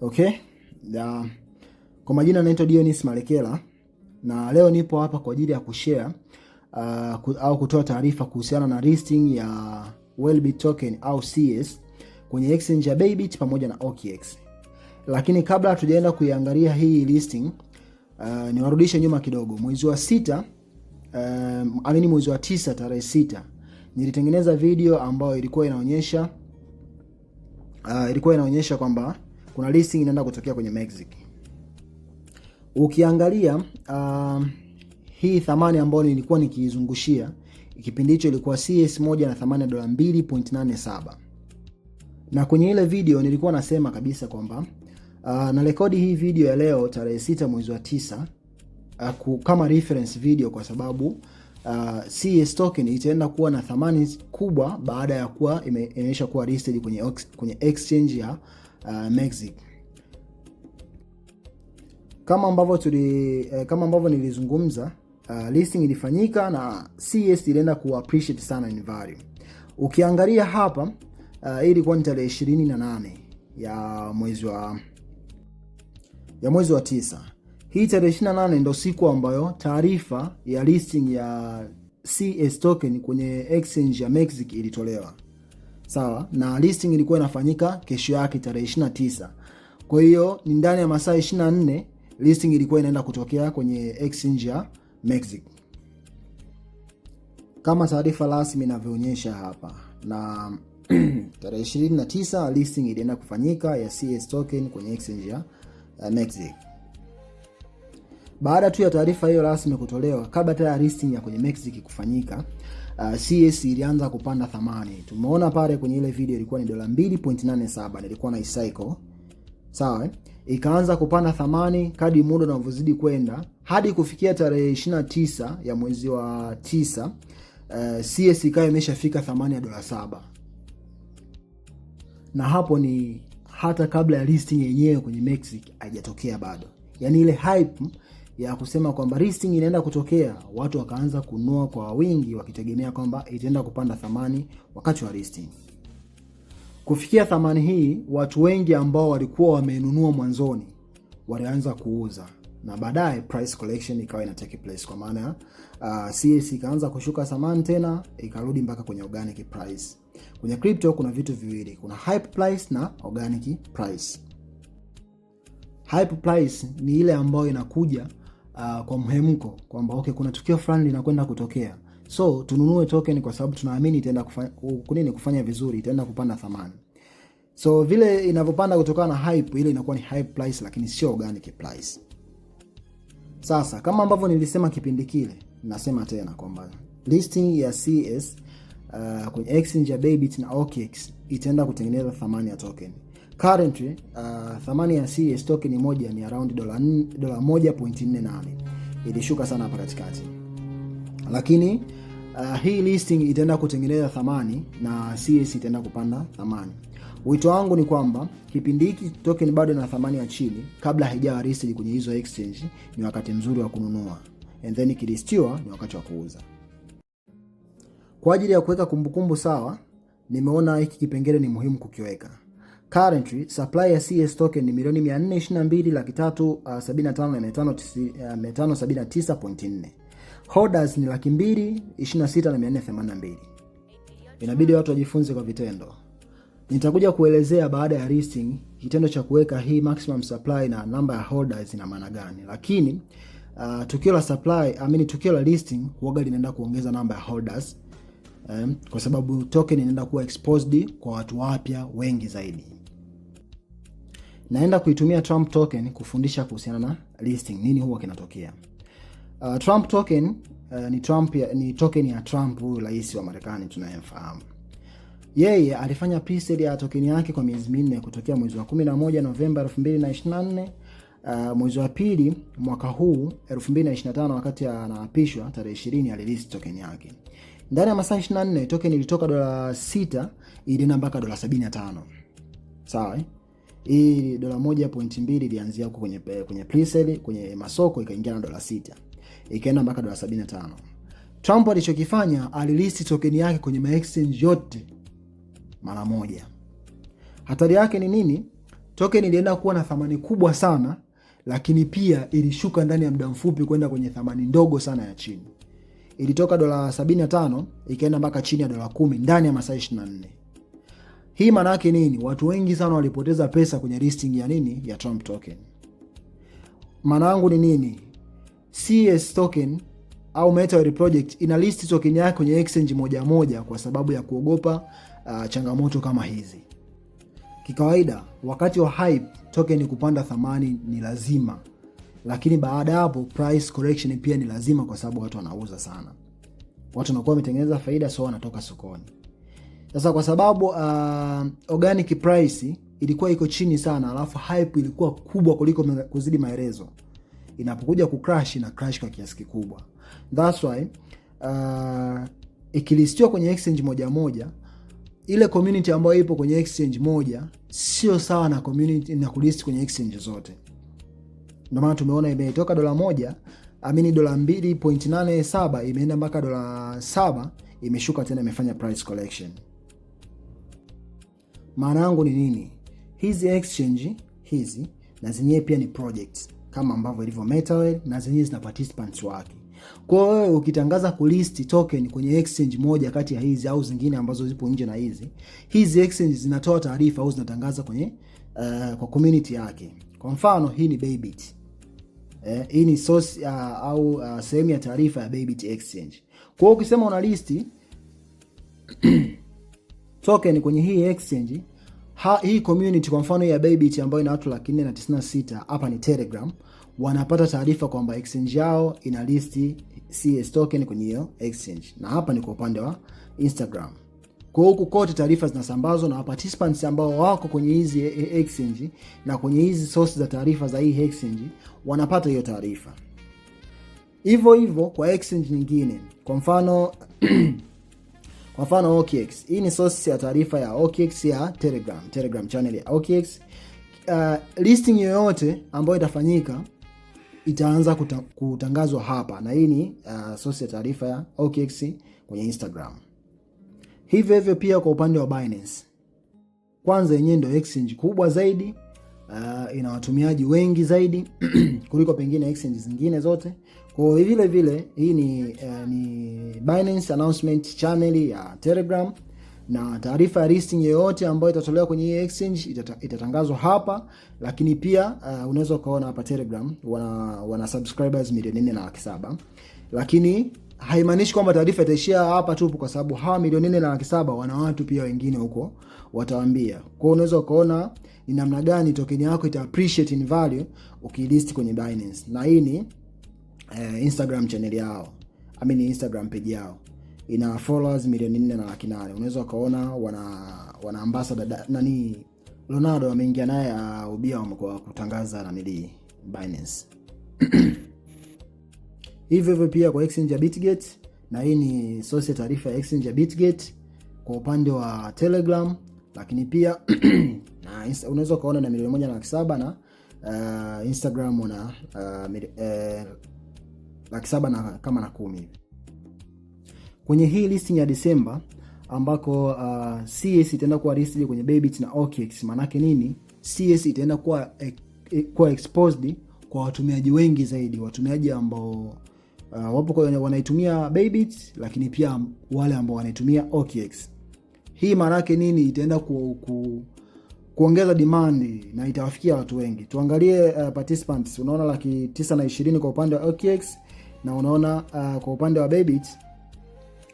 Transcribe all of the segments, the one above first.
Okay? Da. Kwa majina naitwa Dionis Malekela na leo nipo hapa kwa ajili ya kushare uh, ku, au kutoa taarifa kuhusiana na listing ya Wellbit token au CS kwenye exchange ya Bybit pamoja na OKX. Lakini kabla hatujaenda kuiangalia hii listing uh, niwarudishe nyuma kidogo. Mwezi wa sita um, amini mwezi wa tisa tarehe sita nilitengeneza video ambayo ilikuwa inaonyesha uh, ilikuwa inaonyesha kwamba kuna listing inaenda kutokea kwenye Mexic. Ukiangalia uh, hii thamani ambayo nilikuwa nikiizungushia kipindi hicho ilikuwa CS 1 na thamani ya dola 2.87 na kwenye ile video nilikuwa nasema kabisa kwamba uh, na rekodi hii video ya leo tarehe 6 mwezi wa 9 uh, kama reference video kwa sababu uh, CS token itaenda kuwa na thamani kubwa baada ya kuwa imeonyesha kuwa listed kwenye, kwenye exchange ya uh, Mexico. Kama ambavyo tuli eh, kama ambavyo nilizungumza uh, listing ilifanyika na CS ilienda ku appreciate sana in value. Ukiangalia hapa uh, ilikuwa ni tarehe 28 ya mwezi wa ya mwezi wa tisa. Hii tarehe 28 ndio siku ambayo taarifa ya listing ya CS token kwenye exchange ya Mexico ilitolewa sawa, na listing ilikuwa inafanyika kesho yake tarehe 29. Kwa hiyo ni ndani ya masaa 24 listing ilikuwa inaenda kutokea kwenye exchange ya Mexico kama taarifa rasmi inavyoonyesha hapa, na tarehe 29 listing ilienda kufanyika ya CS token kwenye exchange ya eh, Mexico. Baada tu ya taarifa hiyo rasmi kutolewa, kabla hata ya listing ya kwenye Mexc kufanyika, uh, CS ilianza kupanda thamani. Tumeona pale kwenye ile video ilikuwa ni dola 2.87 nilikuwa na icycle. Sawa, eh, ikaanza kupanda thamani kadi muda unavyozidi kwenda hadi kufikia tarehe 29 ya mwezi wa 9, uh, CS ikawa imeshafika thamani ya dola saba Na hapo ni hata kabla ya listing yenyewe kwenye Mexc haijatokea bado. Yaani ile hype ya kusema kwamba listing inaenda kutokea, watu wakaanza kununua kwa wingi wakitegemea kwamba itaenda kupanda thamani wakati wa listing. Kufikia thamani hii, watu wengi ambao walikuwa wamenunua mwanzoni walianza kuuza na baadaye price collection ikawa ina take place, kwa maana ya uh, CS ikaanza kushuka thamani tena ikarudi mpaka kwenye organic price. Kwenye crypto kuna vitu viwili, kuna hype price na organic price. Hype price ni ile ambayo inakuja uh, kwa mhemko kwamba okay, kuna tukio fulani linakwenda kutokea, so tununue token kwa sababu tunaamini itaenda kufanya kunini, kufanya vizuri, itaenda kupanda thamani. So vile inavyopanda kutokana na hype ile inakuwa ni hype price, lakini sio organic price. Sasa kama ambavyo nilisema kipindi kile, nasema tena kwamba listing ya CS uh, kwenye exchange ya Bybit na OKX itaenda kutengeneza thamani ya token Currently uh, thamani ya CS token moja ni around dola 1.48. Ilishuka sana hapa katikati, lakini uh, hii listing itaenda kutengeneza thamani na CS itaenda kupanda thamani. Wito wangu ni kwamba kipindi hiki token bado ina thamani ya chini, kabla haijawa listed kwenye hizo exchange, ni wakati mzuri wa kununua, and then ikilistiwa ni wakati wa kuuza. Kwa ajili ya kuweka kumbukumbu sawa, nimeona hiki kipengele ni muhimu kukiweka. Currently supply ya CS token ni milioni 422 laki 375,579.4. Uh, uh, holders ni laki 226,482. Inabidi watu wajifunze kwa vitendo. Nitakuja kuelezea baada ya listing kitendo cha kuweka hii maximum supply na namba ya holders ina maana gani, lakini uh, tukio la supply I mean, tukio la listing huaga linaenda kuongeza namba ya holders um, kwa sababu token inaenda kuwa exposed kwa watu wapya wengi zaidi. Naenda kuitumia Trump token kufundisha kuhusiana na listing, nini huwa kinatokea. Uh, Trump token uh, ni Trump ya, ni token ya Trump, huyu rais wa Marekani tunayemfahamu. Yeye alifanya presale ya token yake kwa miezi minne kutokea mwezi wa 11 Novemba 2024 uh, mwezi wa pili mwaka huu 2025, wakati anaapishwa tarehe 20 alirelease token yake. Ndani ya masaa 24 token ilitoka dola 6 ilienda mpaka dola 75. Sawa eh? Hii dola moja pointi mbili ilianzia huko kwenye eh, kwenye presale kwenye masoko ikaingia na dola sita ikaenda mpaka dola sabini tano. Trump alichokifanya alilisti tokeni yake kwenye maexchange yote mara moja. Hatari yake ni nini? Tokeni ilienda kuwa na thamani kubwa sana, lakini pia ilishuka ndani ya muda mfupi kwenda kwenye thamani ndogo sana ya chini. Ilitoka dola 75 ikaenda mpaka chini ya dola kumi ndani ya masaa 24. Hii maana yake nini? Watu wengi sana walipoteza pesa kwenye listing ya nini, ya Trump token. Maana yangu ni nini? CS token au Meta project ina list token yake kwenye exchange moja moja kwa sababu ya kuogopa uh, changamoto kama hizi. Kikawaida wakati wa hype token kupanda thamani ni lazima, lakini baada ya hapo price correction pia ni lazima, kwa sababu watu wanauza sana, watu wanakuwa wametengeneza faida, so wanatoka sokoni. Sasa kwa sababu uh, organic price ilikuwa iko chini sana, alafu hype ilikuwa kubwa kuliko kuzidi maelezo, inapokuja ku crash na crash kwa kiasi kikubwa. That's why uh, ikilistiwa kwenye exchange moja moja, ile community ambayo ipo kwenye exchange moja sio sawa na community na kulist kwenye exchange zote. Ndio maana tumeona imetoka dola moja amini dola 2.87 imeenda mpaka dola saba, imeshuka tena, imefanya price collection. Maana yangu ni nini? Hizi exchange hizi na zenyewe pia ni projects kama ambavyo ilivyo MetaWare na zenyewe zina participants wake. Kwa hiyo wewe ukitangaza kulist token kwenye exchange moja kati ya hizi au zingine ambazo zipo nje na hizi, hizi exchange zinatoa taarifa au zinatangaza kwenye uh, kwa community yake. Kwa mfano hii ni baybit Eh, hii ni source uh, au uh, sehemu ya taarifa ya baybit exchange. Kwa hiyo ukisema una listi token kwenye hii exchange ha, hii community kwa mfano ya Bybit ambayo ina watu laki nne na tisini na sita hapa ni Telegram, wanapata taarifa kwamba exchange yao ina listi CS token kwenye hiyo exchange, na hapa ni kwa upande wa Instagram. Kwa huku kote taarifa zinasambazwa na participants ambao wako kwenye hizi e, e, exchange na kwenye hizi source za taarifa za hii exchange wanapata hiyo taarifa. Hivyo hivyo kwa exchange nyingine, kwa mfano Kwa mfano OKX, hii ni source ya taarifa ya OKX ya Telegram, Telegram channel ya OKX. Uh, listing yoyote ambayo itafanyika itaanza kuta, kutangazwa hapa na hii ni uh, source ya taarifa ya OKX kwenye Instagram. Hivyo hivyo pia kwa upande wa Binance. Kwanza yenyewe ndio exchange kubwa zaidi uh, ina watumiaji wengi zaidi kuliko pengine exchange zingine zote. Kwa hiyo vile vile hii ni, uh, ni Binance announcement channel ya Telegram na taarifa ya listing yoyote ambayo itatolewa kwenye hii exchange itata, itatangazwa hapa, lakini pia uh, unaweza ukaona hapa Telegram wana, wana subscribers milioni nne na laki saba lakini haimaanishi kwamba taarifa itaishia hapa tu, kwa sababu hawa milioni nne na laki saba wana watu pia wengine huko watawaambia. Kwa hiyo unaweza ukaona ni namna gani token yako ita appreciate in value ukilist kwenye Binance, na hii ni eh, Instagram channel yao, I mean Instagram page yao ina followers milioni 4 na laki 8. Unaweza ukaona wana wana ambassador nani Ronaldo ameingia naye uh, ubia kwa kutangaza na nili Binance hivyo hivyo pia kwa exchange ya Bitgate na hii ni source ya taarifa ya exchange ya Bitgate Kwa upande wa Telegram lakini pia na unaweza ukaona na milioni moja na laki saba na uh, Instagram una uh, mili, eh, laki saba na kama na kumi hivi kwenye hii listing ya Disemba ambako uh, ah, CS itaenda kuwa listed kwenye Bybit na OKX. Maana nini? CS itaenda kuwa e, kuwa exposed kwa watumiaji wengi zaidi, watumiaji ambao uh, wapo kwa wanaitumia Bybit, lakini pia wale ambao wanaitumia OKX. Hii maana yake nini? Itaenda ku, ku, kuongeza demand na itawafikia watu wengi. Tuangalie uh, participants. Unaona laki tisa na ishirini kwa upande wa OKX na unaona uh, kwa upande wa Bybit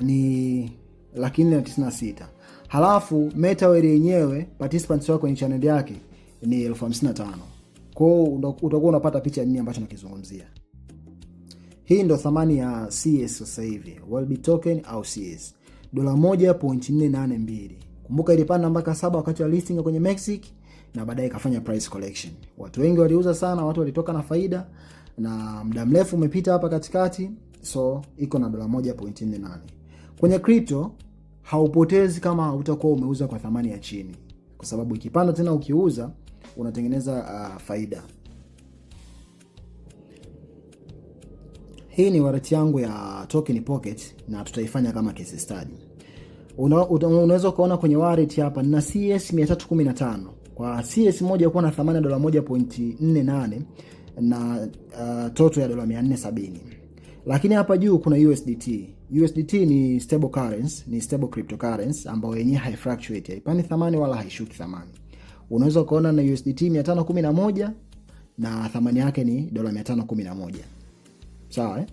ni laki nne na tisini na sita. Halafu MetaWare yenyewe participants wao kwenye channel yake ni elfu hamsini na tano. Kwa hiyo utakuwa unapata picha nini ambacho nakizungumzia. Hii ndo thamani ya CS sasa hivi, Whirlbit token au CS dola 1.482. Kumbuka ilipanda mpaka saba wakati wa listing kwenye Mexico na baadaye ikafanya price collection. Watu wengi waliuza sana, watu walitoka na faida na muda mrefu umepita hapa katikati, so iko na dola 1.48. Kwenye crypto haupotezi kama utakuwa umeuza kwa thamani ya chini, kwa sababu ikipanda tena ukiuza unatengeneza uh, faida. Hii ni wallet yangu ya Token Pocket na tutaifanya kama case study. Una, unaweza ukaona kwenye wallet hapa na CS 315. Kwa CS moja kuwa na thamani ya dola 1.48 na uh, toto ya dola 470. Lakini hapa juu kuna USDT. USDT ni stable currency, ni stable cryptocurrency ambayo yenyewe haifluctuate, haipani thamani wala haishuki thamani. Unaweza ukaona na USDT 511 na thamani yake ni dola 511. Sawa eh?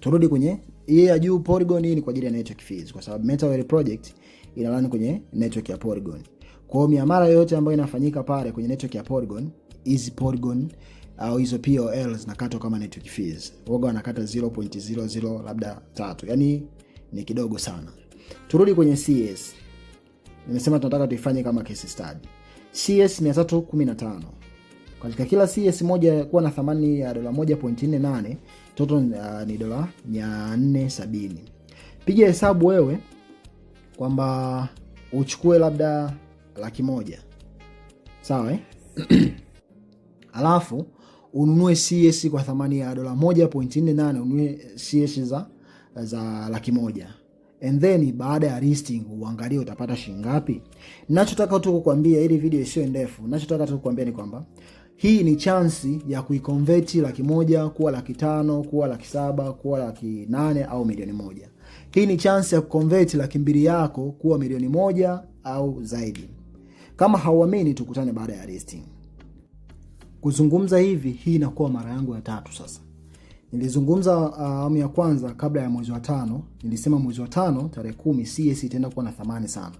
Turudi kwenye hii ya juu Polygon, hii ni kwa ajili ya network fees kwa sababu Meta project ina run kwenye network ya Polygon. Kwa hiyo miamala yote ambayo inafanyika pale kwenye network ya Polygon, hizi Polygon au hizo POL zinakatwa kama network fees. Woga wanakata 0.00 labda tatu. Yaani ni kidogo sana. Turudi kwenye CS. Nimesema tunataka tuifanye kama case study. CS 315 katika kila CS moja kuwa na thamani ya dola 1.48, total uh, ni dola 470. Piga hesabu wewe kwamba uchukue labda laki moja sawa eh? Alafu ununue CS kwa thamani ya dola 1.48, ununue CS za za laki moja and then baada ya listing uangalie utapata shilingi ngapi. Ninachotaka tu kukwambia, ili video isiyo ndefu, ninachotaka tu kukwambia ni kwamba hii ni chansi ya kuikonveti laki moja kuwa laki tano kuwa laki saba kuwa laki nane au milioni moja. Hii ni chansi ya kukonveti laki mbili yako kuwa milioni moja au zaidi. Kama hauamini, tukutane baada ya listing. Kuzungumza hivi, hii inakuwa mara yangu ya tatu sasa. Nilizungumza uh, awamu uh, ya kwanza kabla ya mwezi wa tano. Nilisema mwezi wa tano tarehe kumi CS itaenda kuwa na thamani sana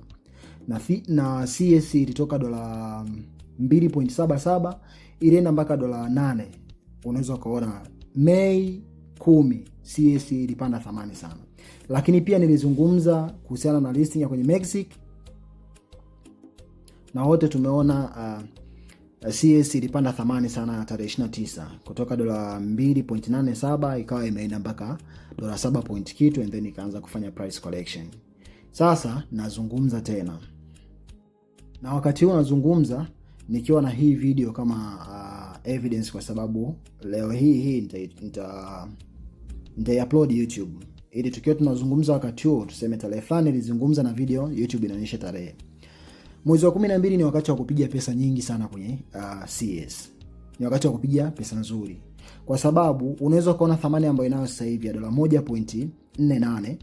na, na CS ilitoka dola um, 2.77 ilienda mpaka dola 8. Unaweza ukaona Mei kumi CAC ilipanda thamani sana, lakini pia nilizungumza kuhusiana na listing ya kwenye Mexic na wote tumeona uh, CS ilipanda thamani sana tarehe 29 kutoka dola 2.87 ikawa imeenda mpaka dola 7 point kitu, and then ikaanza kufanya price collection. Sasa nazungumza tena, na wakati huo nazungumza nikiwa na hii video kama uh, evidence, kwa sababu leo hii hii nita nita upload YouTube ili tukiwa tunazungumza wakati huo tuseme tarehe fulani nilizungumza na video, YouTube inaonyesha tarehe. Mwezi wa 12 ni wakati wa kupiga pesa nyingi sana kwenye uh, CS. Ni wakati wa kupiga pesa nzuri, kwa sababu unaweza kuona thamani ambayo inayo sasa hivi ya dola 1.48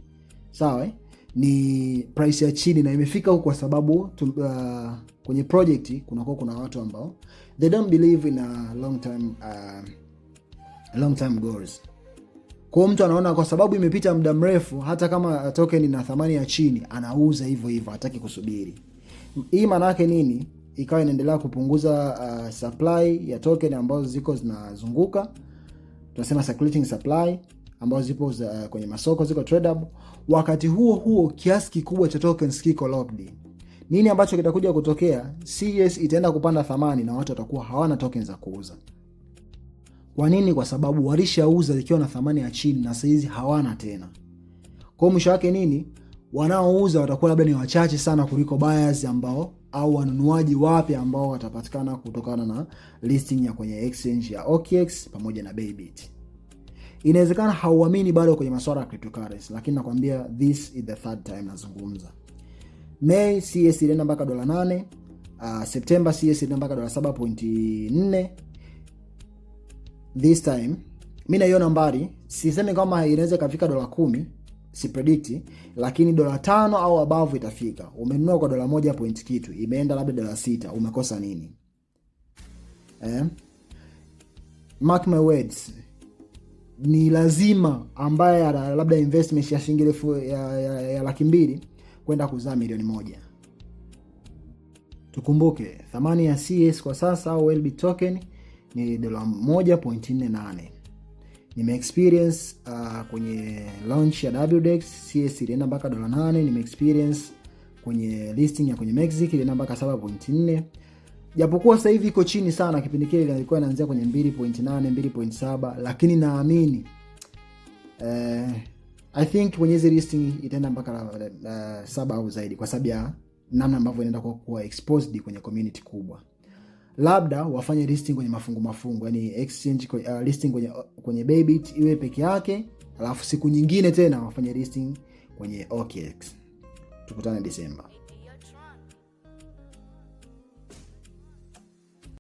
sawa, eh? ni price ya chini na imefika huko kwa sababu tu, uh, kwenye project kunakuwa kuna watu ambao they don't believe in a long term, uh, long term goals. Kwa mtu anaona kwa sababu imepita muda mrefu, hata kama token ina thamani ya chini anauza hivyo hivyo, hataki kusubiri. Hii maana yake nini? Ikawa inaendelea kupunguza uh, supply ya token ambazo ziko zinazunguka, tunasema circulating supply ambazo zipo uh, kwenye masoko ziko tradable. Wakati huo huo kiasi kikubwa cha tokens kiko locked nini ambacho kitakuja kutokea? CS itaenda kupanda thamani na watu watakuwa hawana tokens za kuuza. Kwa nini? Kwa sababu walishauza zikiwa na thamani ya chini na saizi hawana tena. Kwa mwisho wake nini? Wanaouza watakuwa labda ni wachache sana kuliko buyers ambao au wanunuaji wapya ambao watapatikana kutokana na listing ya kwenye exchange ya OKX pamoja na Bybit. Inawezekana hauamini bado kwenye masuala ya cryptocurrency, lakini nakwambia this is the third time nazungumza. Mei CS ilienda mpaka dola nane. Uh, ah, Septemba CS ilienda mpaka dola 7.4. This time mi na hiyo sisemi kama inaweza ikafika dola kumi, si predict, lakini dola tano au above itafika. Umenunua kwa dola moja point kitu, imeenda labda dola sita, umekosa nini eh? Mark my words, ni lazima ambaye labda investment ya shilingi elfu ya, ya, ya laki mbili kwenda kuzaa milioni moja. Tukumbuke thamani ya CS kwa sasa au LB token ni dola 1.48. Nime experience uh, kwenye launch ya WDEX CS ilienda mpaka dola 8. Nime experience kwenye listing ya kwenye Mexic ilienda mpaka 7.4, japokuwa sasa hivi iko chini sana. Kipindi kile ilikuwa inaanzia kwenye 2.8, 2.7, lakini naamini eh, I think kwenye hizi list itaenda mpaka la, la, la saba au zaidi, kwa sababu ya namna ambavyo inaenda kwa kuwa exposed kwenye community kubwa. Labda wafanye listing kwenye mafungu mafungu, yani exchange uh, listing kwenye kwenye Bybit iwe peke yake, alafu siku nyingine tena wafanye listing kwenye OKX. Tukutane Desemba.